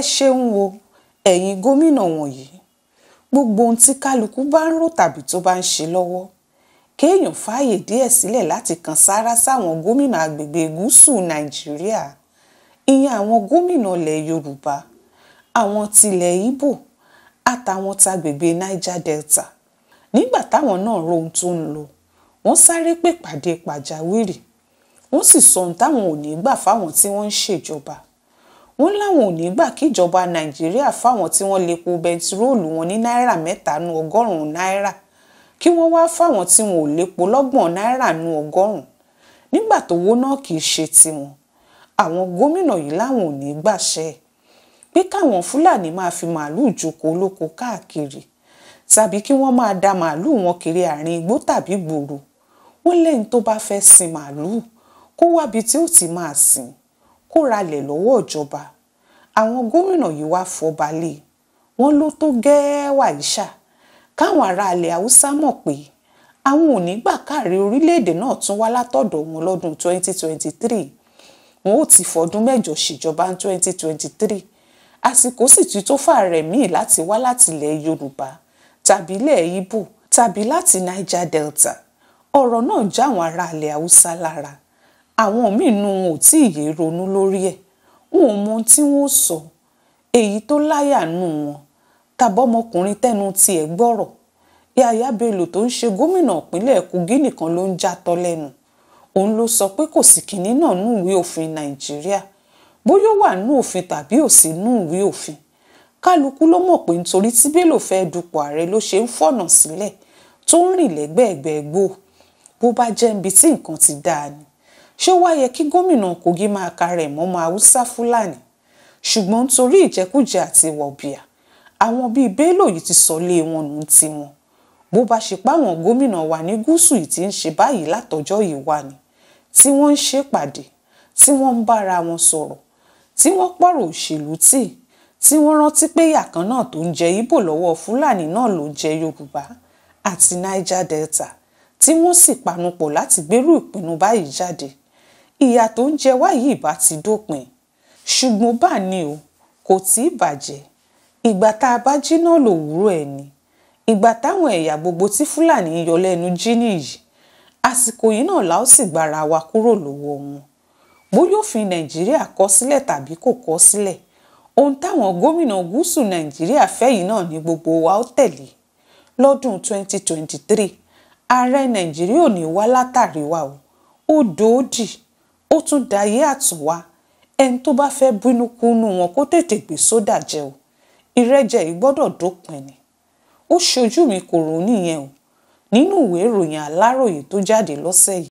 ẹ ṣeun o ẹ̀yin gómìnà wọ̀nyí gbogbo ohun tí kálukú bá ń rò tàbí tó bá ń ṣe lọ́wọ́ kéèyàn fààyè díẹ̀ sílẹ̀ láti kan sáárá sáwọn gómìnà agbègbè gúúsù nàìjíríà ìyẹn àwọn gómìnà ilẹ̀ yorùbá àwọn tilẹ̀ ibo àtàwọn tagbègbè niger delta nígbà táwọn náà ro ohun tó ń lọ wọ́n sáré pè pàjáwìrì wọ́n sì sọ ohun táwọn ò ní gbà fáwọn tí wọ́n ń ṣèjọba wọ́n láwọn ò ní gbà kíjọba nàìjíríà fáwọn tí wọ́n lè po bẹntiróòlù wọn ní náírà mẹ́ta nu ọgọ́rùn-ún náírà kí wọ́n wá fáwọn tí wọn ò lè po lọ́gbọ̀n náírà nu ọgọ́rùn-ún nígbà tówó náà kì í ṣe tiwọn àwọn gómìnà yìí láwọn ò ní gbàṣẹ pé káwọn fúlàní máa fi màálùú jókòó olóko káàkiri tàbí kí wọ́n máa da màálùú wọn kiri àárín igbó tàbí gbòòrò wọ́n lẹ́yìn tó bá fẹ́ sin màálùú kó wábi tí ó ti máa sìn kó ralẹ̀ lọ́wọ́ ìjọba àwọn gómìnà yìí wá fọbalẹ̀ wọ́n ló tó gẹ́ẹ́ wàyíṣà káwọn aráàlẹ̀ haúsá mọ̀ pé àwọn ò ní gbà káàrí orílẹ̀-èdè náà tún wá látọ̀dọ̀ wọn lọ́dún 2023 wọn ò ti fọdún mẹ́jọ ṣèjọba ní 2023 àsìkò sì ti tó fààrẹ míì láti wá láti ilẹ̀ yorùbá tàbí ilẹ̀ ibo tàbí láti niger delta ọ̀rọ̀ náà já àwọn aráàlẹ̀ haúsá lára àwọn míì nu wọn ò tí ì yé ronú lórí ẹ̀ wọn ò mọ ohun tí wọ́n sọ èyí tó láyà nù wọn tàbọ́mọkùnrin tẹ́nu tiẹ̀ gbọ́rọ̀ Yàyà Bello tó ń ṣe gómìnà ìpínlẹ̀ Kogi nìkan ló ń jàtọ́ lẹ́nu òun ló sọ pé kò sí kinní náà nú ìwé òfin Nàìjíríà bóyá ó wà nú òfin tàbí ò sí nú ìwé òfin kálukú ló mọ̀ pé nítorí tí Bello fẹ́ dupò ààrẹ ló ṣe ń fọ̀nà sílẹ̀ tó ń rìn lẹ́gbẹ̀ẹ́gbẹ́ gbò bó bá jẹ́ ibi tí nǹkan ti dáa ni ṣé ó wá yẹ kí gómìnà Kogi máa kárẹ̀ mọ́mọ haúsá fúlàní ṣùgbọ́n torí ìjẹkújẹ àti ìwà ọ̀bìà àwọn bíi Bello yìí ti sọ lé wọn nù tiwọn bó bá ṣe páwọn gómìnà wa ní gúúsù yìí ti ń ṣe báyìí látọjọ́ yìí wá ni tí wọ́n ń ṣèpàdé tí wọ́n ń bára wọn sọ̀rọ̀ tí wọ́n pọ̀rọ̀ òṣèlú tì tí wọ́n rántí pé yàkan náà tó ń jẹ Ìgbò lọ́wọ́ Fúlàní náà ló jẹ Yorùbá àti Niger Delta tí wọ́n sì panupọ̀ láti gbérú ìpinnu báyìí jáde ìyà tó ń jẹ wá yìí bá ti dópin ṣùgbọ́n bá ní o kò tí ì bàjẹ́ ìgbà tá a bá jí náà lòwúrọ̀ ẹ̀ ni ìgbà táwọn ẹ̀yà gbogbo tí fúlàní yọ lẹ́nu jí nìyí àsìkò yìí náà la ó sì gbára wa kúrò lọ́wọ́ wọn bóyá òfin nàìjíríà kọ sílẹ̀ tàbí kò kọ sílẹ̀ ohun táwọn gómìnà gúúsù nàìjíríà fẹ́ yìí náà ni gbogbo wa ó tẹ̀lé lọ́dún 2023 ààrẹ nàìjíríà ò ní wá látàrí wa o ó dòódì ó tún dayé àtún wá ẹni tó bá fẹ́ bínú kúnnú wọn kó tètè gbé sódà jẹ o ìrẹ́jẹ yìí gbọ́dọ̀ dópin ni ó ṣojú mi kò rò níyẹn o nínú ìwé ìròyìn Aláròyé tó jáde lọ́sẹ̀ yìí